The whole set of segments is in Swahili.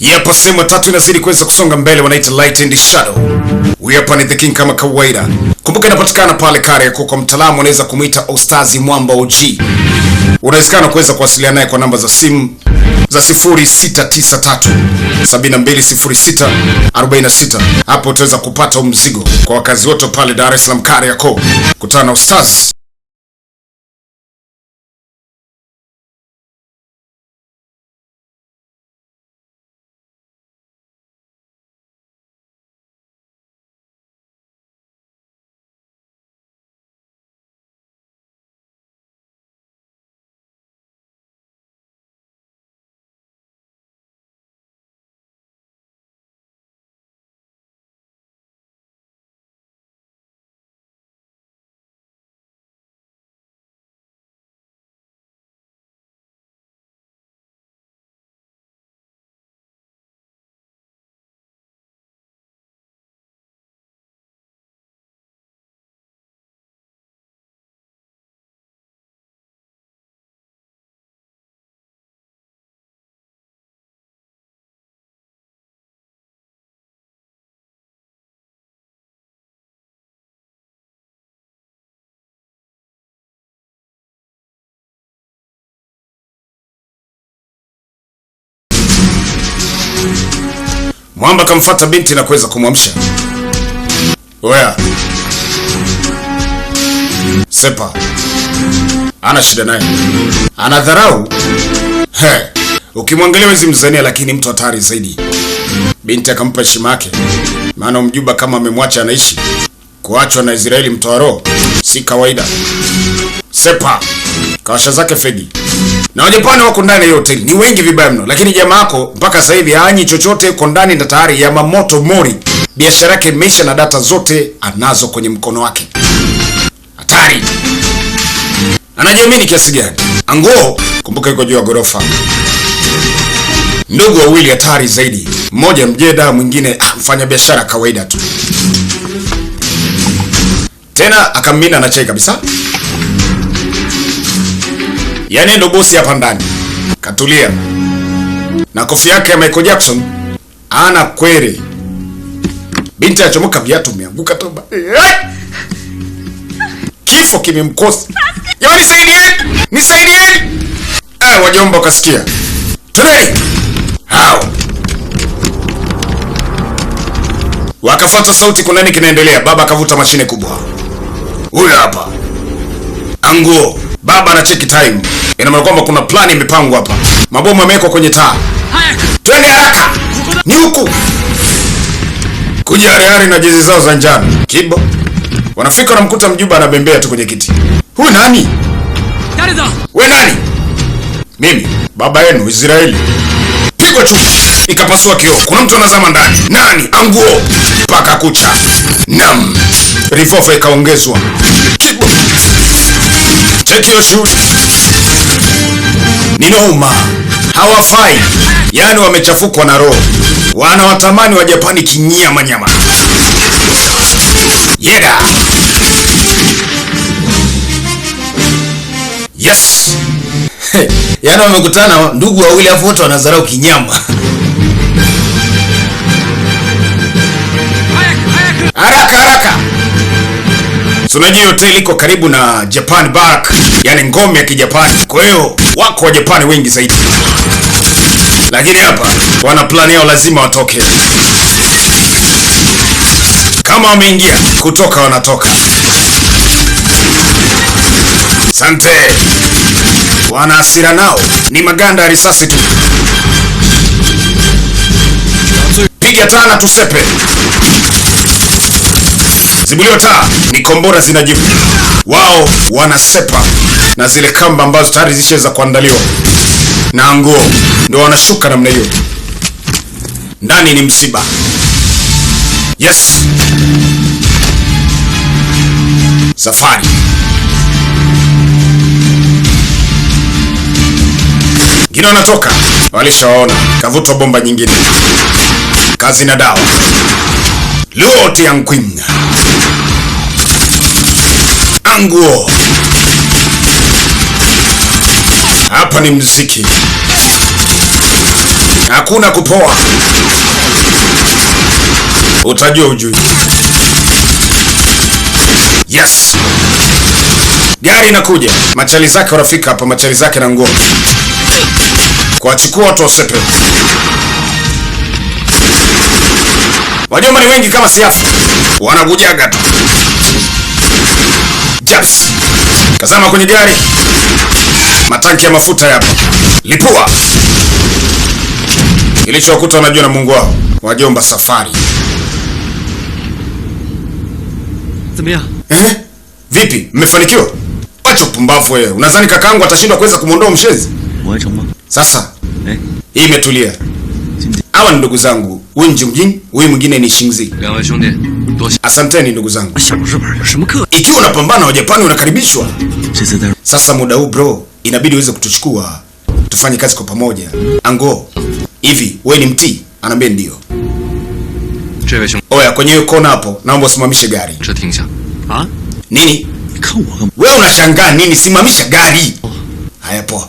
Yapo sehemu tatu inazidi kuweza kusonga mbele, wanaita light and shadow. Huyu hapa ni the king kama kawaida. Kumbuka inapatikana pale Kariakoo. Kwa mtaalamu unaweza kumuita Ostazi Mwamba OG. Unawezekana kuweza kuwasiliana naye kwa namba za simu za 0693 7206 46. Hapo utaweza kupata mzigo kwa wakazi wote pale Dar es Salaam Kariakoo. Kutana na Ostazi Mwamba akamfuata binti na kuweza kumwamsha. Wea Sepa ana shida naye, ana He, ukimwangalia wezi Mzania, lakini mtu hatari zaidi. Binti akampa heshima yake, maana mjuba kama amemwacha anaishi. Kuachwa na Israeli mtoa roho si kawaida. Sepa kawasha zake Fedi na wajapani wako ndani ya hoteli ni wengi vibaya mno, lakini jamaa yako mpaka sasa hivi haanyi chochote, yuko ndani na tayari ya mamoto mori, biashara yake imeisha na data zote anazo kwenye mkono wake. Hatari. Anajiamini kiasi gani? Anguo, kumbuka yuko juu ya gorofa. Ndugu wawili hatari zaidi, mmoja mjeda, mwingine ah, mfanya biashara kawaida tu, tena akamina na chai kabisa. Yaani ndo bosi hapa ndani katulia na kofi yake ya Michael Jackson ana kweli binti achomoka viatu umeanguka toba, eh! kifo kimemkosa. Jamani, nisaidieni, nisaidieni! Eh, wajomba ukasikia twendeni hao wakafuata sauti. Kuna nini kinaendelea? Baba akavuta mashine kubwa, huyo hapa anguo Baba na cheki time, ina maana kwamba kuna plani imepangwa hapa. Mabomu yamewekwa kwenye taa, twende haraka, ni huku kuja harihari na jezi zao za njano. Kibo wanafika, wanamkuta mjuba anabembea tu kwenye kiti. Huyu nani? We nani? Mimi baba yenu Israeli. Pigwa chupa ikapasua kioo. Kuna mtu anazama ndani. Nani? Anguo paka kucha nam rifofa ikaongezwa Kibo Take your shoes. Ni hawafai, yani wamechafukwa na roho, watamani wa Japani kinyama nyama. yega Yes. Hey, yaani wamekutana ndugu wawili afu wote wanazarau kinyama. Haraka haraka sunaji hotel iko karibu na Japan Barrack, yani ngome ya Kijapani. Kwa hiyo wako japani wengi zaidi, lakini hapa wana plani yao, lazima watoke. Kama wameingia kutoka, wanatoka. Sante wana hasira nao, ni maganda ya risasi tu. Piga tana tusepe zibuliwa taa, ni kombora zinajibu, wao wanasepa na zile kamba ambazo tayari zishaweza kuandaliwa na nguo, ndo wanashuka namna hiyo. Ndani ni msiba. Yes, safari ngine wanatoka, walishawaona kavutwa bomba nyingine, kazi na dawa luote ya nguo. Hapa ni mziki, hakuna kupoa, utajua ujui. Yes, gari inakuja, machali zake wanafika hapa, machali zake na nguo, kuwachukua watu wasepe. Wajomba ni wengi kama siafu, wanakujaga tu gasi. Tazama kwenye gari, matanki ya mafuta yapo. Lipua kilichowakuta wanajua na Mungu wao. Wajomba safari eh? Vipi, mmefanikiwa? Acha upumbavu wewe. Unadhani kakaangu atashindwa kuweza kumwondoa mshezi? Sasa eh? hii imetulia. Hawa ni ndugu zangu Wen Jingjing, huyu mwingine ni Shinzi. Asanteni ndugu zangu. Ikiwa unapambana wa Japani unakaribishwa. Sasa muda huu bro, inabidi uweze kutuchukua tufanye kazi kwa pamoja. Ango, hivi wewe ni mtii? Anaambia ndio. Oya, kwenye hiyo kona hapo, naomba usimamishe gari. Nini? Wewe unashangaa nini? Simamisha gari. Oh. Haya poa.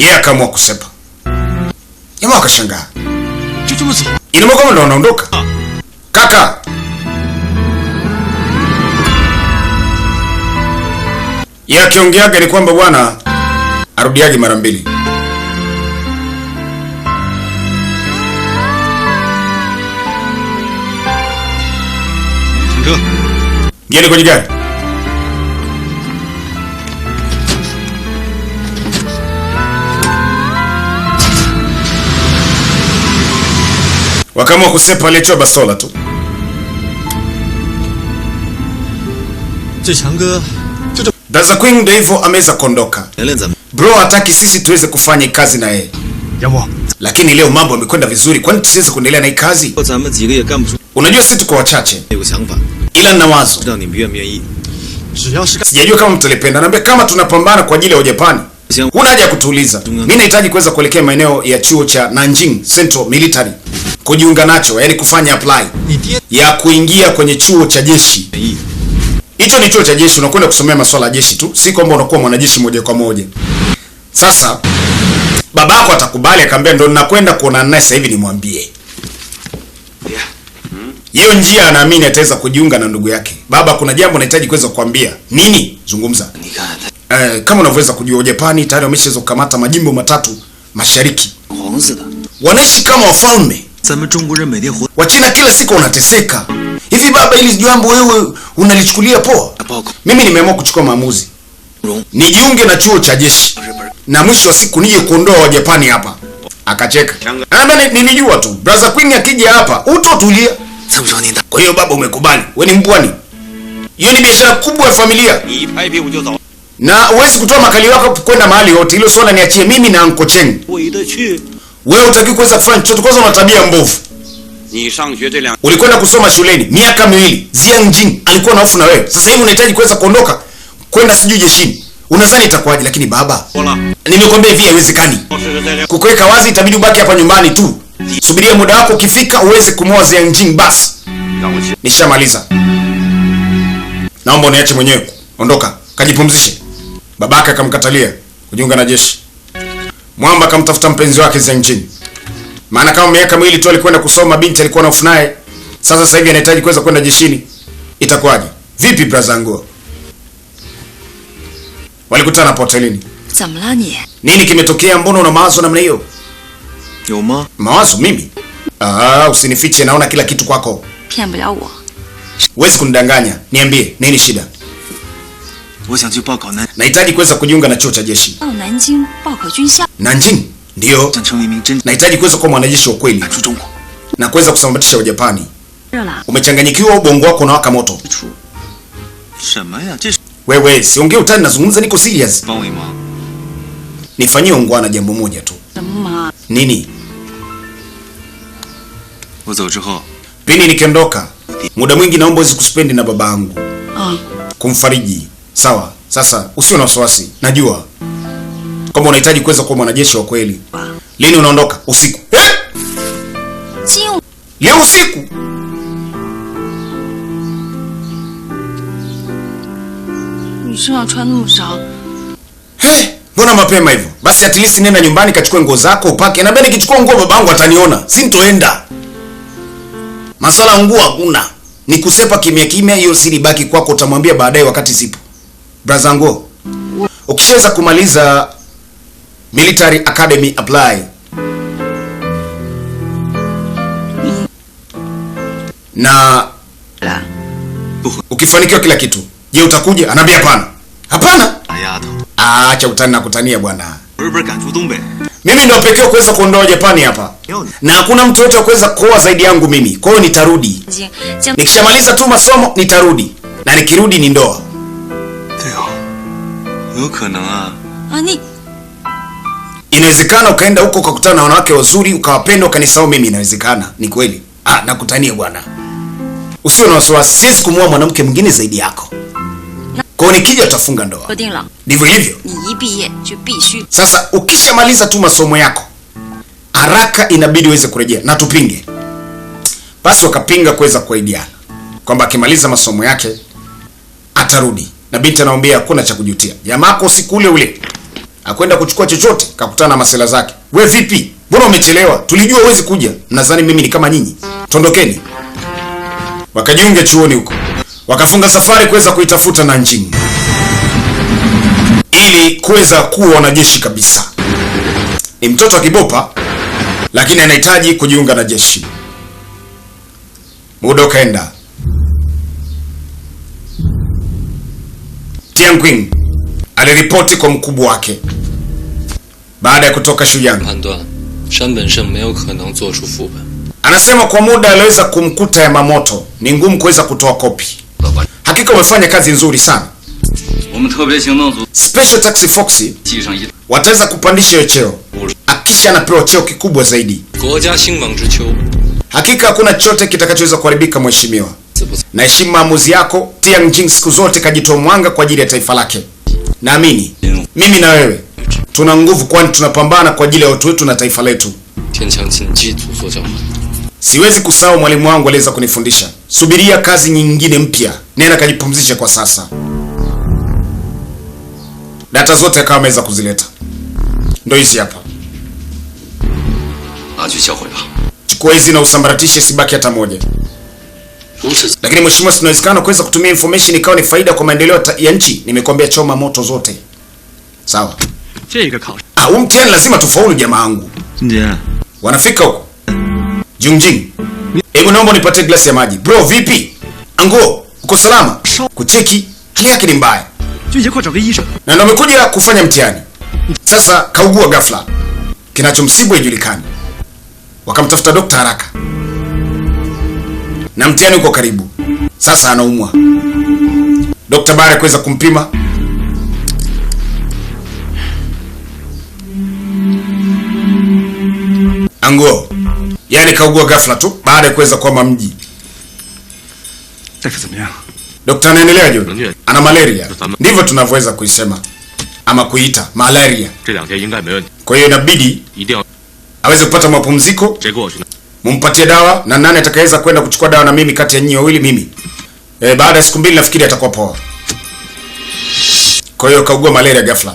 yeye akaamua kusepa. Jamaa wakashangaa, ilimo kama ndo anaondoka. Ah. kaka. Yeye akiongeaga ni kwamba bwana arudiage mara mbili. Ndiye kwenye gari wakaamua kusepa aliachiwa basola tu. Daza Queen ndio hivyo ameweza kuondoka. Bro hataki sisi tuweze kufanya kazi na yeye. Lakini leo mambo yamekwenda vizuri, kwani tusiweze kuendelea na hii kazi? Unajua sisi tuko wachache. Ila na wazo. Sijajua kama mtalipenda. Naambia kama tunapambana kwa ajili ya Japani. Huna haja ya kutuuliza. Mimi nahitaji kuweza kuelekea maeneo ya chuo cha Nanjing Central Military kujiunga nacho, yani kufanya apply ya kuingia kwenye chuo cha jeshi. Hicho ni chuo cha jeshi, unakwenda kusomea masuala ya jeshi tu, si kwamba unakuwa mwanajeshi moja kwa moja. Sasa babako atakubali? Akamwambia ndo ninakwenda kuonana naye sasa hivi, nimwambie hiyo njia anaamini ataweza kujiunga na ndugu yake. Baba, kuna jambo nahitaji kuweza kukwambia. Nini? Zungumza. Eh, kama unavyoweza kujua Wajapani tayari wameshaweza kukamata majimbo matatu mashariki. Wanaishi kama wafalme. Wachina kila siku wanateseka hivi. Baba, ili jambo wewe unalichukulia poa? Mimi nimeamua kuchukua maamuzi, nijiunge na chuo cha jeshi na mwisho wa siku nije kuondoa Wajapani hapa. Akacheka, ninijua tu brother Queen akija hapa utotulia. Kwa hiyo baba, umekubali wewe ni mbwa ni? hiyo ni biashara kubwa ya familia na uwezi kutoa makali wako kwenda mahali yote. Hilo swala niachie mimi na Uncle Cheng. Wewe hutaki kuweza kufanya chochote, kwanza una tabia mbovu. Ulikwenda kusoma shuleni miaka miwili, Jiang Jing alikuwa na hofu na wewe. Sasa hivi unahitaji kuweza kuondoka kwenda sijui jeshini. Unadhani itakuwaje? Lakini baba, nimekwambia hivi haiwezekani. Kukuweka wazi, itabidi ubaki hapa nyumbani tu. Subiria muda wako ukifika uweze kumoa Jiang Jing basi. Nishamaliza. Naomba uniache mwenyewe. Ondoka, kajipumzishe. Babaka akamkatalia kujiunga na jeshi. Mwamba akamtafuta mpenzi wake za nchini. Maana kama miaka miwili tu alikwenda kusoma, binti alikuwa naofu naye. Sasa sasa hivi anahitaji kuweza kwenda jeshini. Itakuwaje? Vipi brother Ngua? Walikutana hotelini. Zamlani. Nini kimetokea? Mbona una mawazo namna hiyo? Yoma. Mawazo mimi? Ah, usinifiche naona kila kitu kwako. Pian bila wo. Huwezi kunidanganya. Niambie, nini shida? Nahitaji kuweza kujiunga na chuo cha jeshi. Oh, Nanjing, ndio. Nahitaji kuweza kuwa mwanajeshi wa kweli na kuweza kusambaratisha Wajapani. Umechanganyikiwa, ubongo wako unawaka moto. Wewe siongee utani, nazungumza, niko serious. Nifanyie ungwana jambo moja tu. Nini? Pindi nikiondoka, muda mwingi naomba uweze kuspendi na babangu. Kumfariji. Sawa, sasa usiwe na wasiwasi, najua kwamba unahitaji kuweza kuwa mwanajeshi wa kweli. Lini unaondoka? Usiku eh? leo usiku. Hey, eh, mbona mapema hivyo? Basi at least nenda nyumbani kachukue nguo zako upake. Naambia nikichukua nguo babangu ataniona, si nitoenda. masala nguo hakuna, nikusepa kimya kimya. Hiyo siri baki kwako, utamwambia baadaye wakati zipo Brazango, ukishaweza kumaliza military academy apply na ukifanikiwa kila kitu, je, utakuja? Anaambia hapana, hapana, acha utani na kutania bwana. Mimi ndio pekee kuweza kuondoa Japani hapa na hakuna mtu yote kuweza kuoa zaidi yangu mimi. Kwa hiyo nitarudi nikishamaliza tu masomo, nitarudi na nikirudi ni ndoa. 有可能啊。啊你 inawezekana ukaenda huko ukakutana na wanawake wazuri ukawapenda ukanisahau mimi. Inawezekana, ni kweli. Ah, nakutania bwana, usio na wasiwasi, siwezi kumua mwanamke mwingine zaidi yako. Kwa hiyo nikija utafunga ndoa, ndivyo hivyo. Sasa ukishamaliza tu masomo yako haraka, inabidi uweze kurejea na tupinge. Basi wakapinga kuweza kuaidiana kwamba akimaliza masomo yake atarudi na binti anamwambia hakuna cha kujutia. Jamako siku ule ule akwenda kuchukua chochote, kakutana na masela zake. We vipi, mbona umechelewa? Tulijua huwezi kuja. Mnadhani mimi ni kama nyinyi, tondokeni. Wakajiunga chuoni huko, wakafunga safari kuweza kuitafuta Nanjing ili kuweza kuwa wanajeshi kabisa. Ni mtoto wa kibopa, lakini anahitaji kujiunga na jeshi. Muda ukaenda. Tianqing aliripoti kwa mkubwa wake baada ya kutoka Shuyang. Anasema kwa muda aliweza kumkuta Yamamoto, ni ngumu kuweza kutoa kopi. Hakika wamefanya kazi nzuri sana. Special Taxi Foxy wataweza kupandisha hiyo cheo, akisha anapewa cheo kikubwa zaidi. Hakika hakuna chote kitakachoweza kuharibika, mheshimiwa na heshima maamuzi yako. Tiang Jing siku zote kajitoa mwanga kwa ajili ya taifa lake. Naamini mimi na wewe tuna nguvu, kwani tunapambana kwa ajili ya watu wetu na taifa letu. Siwezi kusahau mwalimu wangu aliweza kunifundisha, subiria kazi nyingine mpya, nenda kajipumzishe kwa sasa. Data zote akawa ameweza kuzileta, ndio hizi hapa. Chukua hizi na usambaratishe, sibaki hata moja. Lakini mheshimiwa, si inawezekana kuweza kutumia information ikawa ni faida kwa maendeleo ya nchi? Nimekwambia choma moto zote, sawa? Ah, huu mtihani lazima tufaulu, jamaa wangu. Yeah. Wanafika huko Jungjing. Hebu naomba nipate glasi ya maji. Bro, vipi? Ango, uko salama? Kucheki hali yake ni mbaya. Na ndio amekuja kufanya mtihani. Sasa kaugua ghafla. Kinachomsibu haijulikani. Wakamtafuta daktari haraka na mtihani uko karibu. Sasa anaumwa. Dr. Bara kuweza kumpima anguo, yani kaugua ghafla tu baada ya kuweza kuama mji. Dokta anaendelea John, ana malaria, ndivyo tunavyoweza kuisema ama kuita malaria. Kwa hiyo inabidi aweze kupata mapumziko mumpatie dawa, na nani atakayeweza kwenda kuchukua dawa na mimi kati ya nyinyi wawili mimi. E, baada ya siku mbili nafikiri atakuwa poa. Kwa hiyo kaugua malaria ghafla,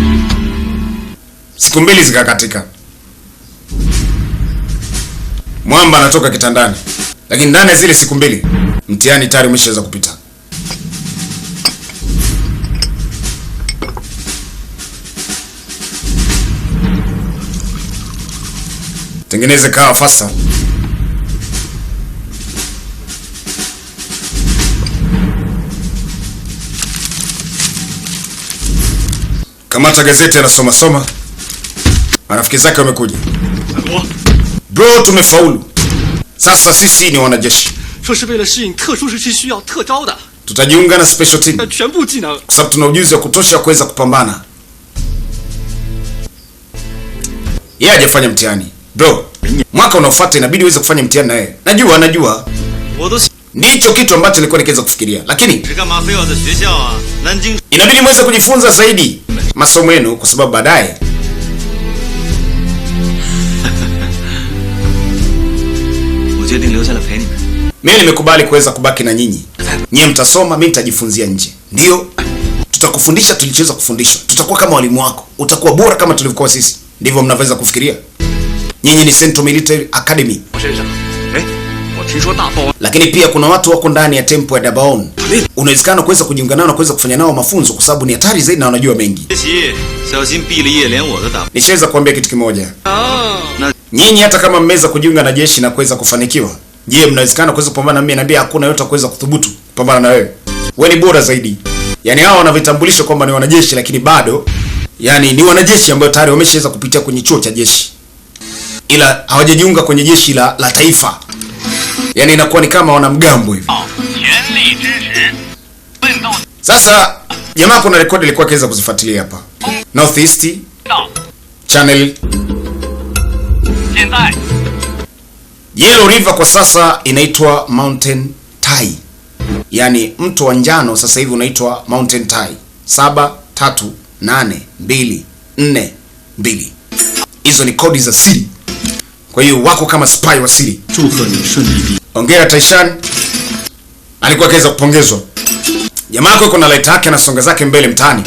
siku mbili zikakatika. Mwamba anatoka kitandani, lakini ndani ya zile siku mbili mtihani tayari umeshaweza kupita. Tengeneze kawa fasa. Kamata gazeti anasoma soma. Marafiki zake wamekuja. Bro, tumefaulu. Sasa sisi ni wanajeshi. Tutajiunga na special team. Kwa sababu tuna ujuzi wa kutosha kuweza kupambana. Yeye hajafanya mtihani. Bro, mwaka unaofuata inabidi uweze kufanya mtihani na yeye. Najua, najua ndicho kitu ambacho nilikuwa nikiweza kufikiria, lakini inabidi mweze kujifunza zaidi masomo yenu, kwa sababu baadaye mimi nimekubali kuweza kubaki na nyinyi, nyie mtasoma, mimi nitajifunzia nje. Ndio tutakufundisha tulichoweza kufundishwa, tutakuwa kama walimu wako, utakuwa bora kama tulivyokuwa sisi. Ndivyo mnavyoweza kufikiria nyinyi. Ni Central Military Academy. Lakini pia kuna watu wako ndani ya tempo ya Dabaon, unawezekana kuweza kujiunga nao na kuweza kufanya nao mafunzo, kwa sababu ni hatari zaidi na wanajua mengi. Nishaweza kuambia kitu kimoja, oh. nyinyi hata kama mmeweza kujiunga na jeshi na kuweza kufanikiwa, je, mnawezekana kuweza kupambana mimi? Naambia hakuna yote kuweza kuthubutu kupambana na wewe, wewe ni bora zaidi. Yani hao wanavitambulisha kwamba ni wanajeshi, lakini bado yani ni wanajeshi ambao tayari wameshaweza kupitia kwenye chuo cha jeshi, ila hawajajiunga kwenye jeshi la, la taifa yani inakuwa ni kama wanamgambo hivi. Ah, yaani sasa jamaa, kuna record ilikuwa kaweza kuzifuatilia hapa Northeast ah. Channel Yellow River kwa sasa inaitwa Mountain Tai, yaani mto wa njano sasa hivi unaitwa Mountain Tai. Saba tatu nane mbili nne mbili, hizo ni kodi za siri. Kwa hiyo wako kama spy wa siri 祝贺你顺利毕业。Hongera Taishan, alikuwa kaweza kupongezwa. Jamaa yako kuna light yake na songa zake mbele mtaani,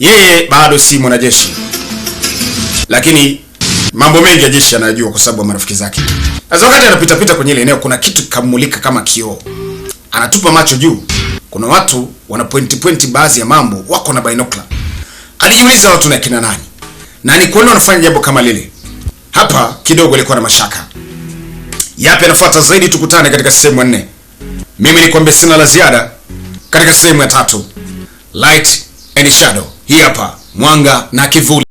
yeye bado si mwanajeshi, lakini mambo mengi ya jeshi anayajua kwa sababu ya marafiki zake. Sasa wakati anapita pita kwenye ile eneo, kuna kitu kamulika kama kioo, anatupa macho juu, kuna watu wana pointi pointi baadhi ya mambo, wako na binokla. Alijiuliza watu na kina nani na ni kwa nini wanafanya jambo kama lile. Hapa kidogo alikuwa na mashaka yapi yanafuata zaidi, tukutane katika sehemu ya nne. Mimi nikwambia sina la ziada katika sehemu ya tatu, Light and Shadow. Hii hapa mwanga na kivuli.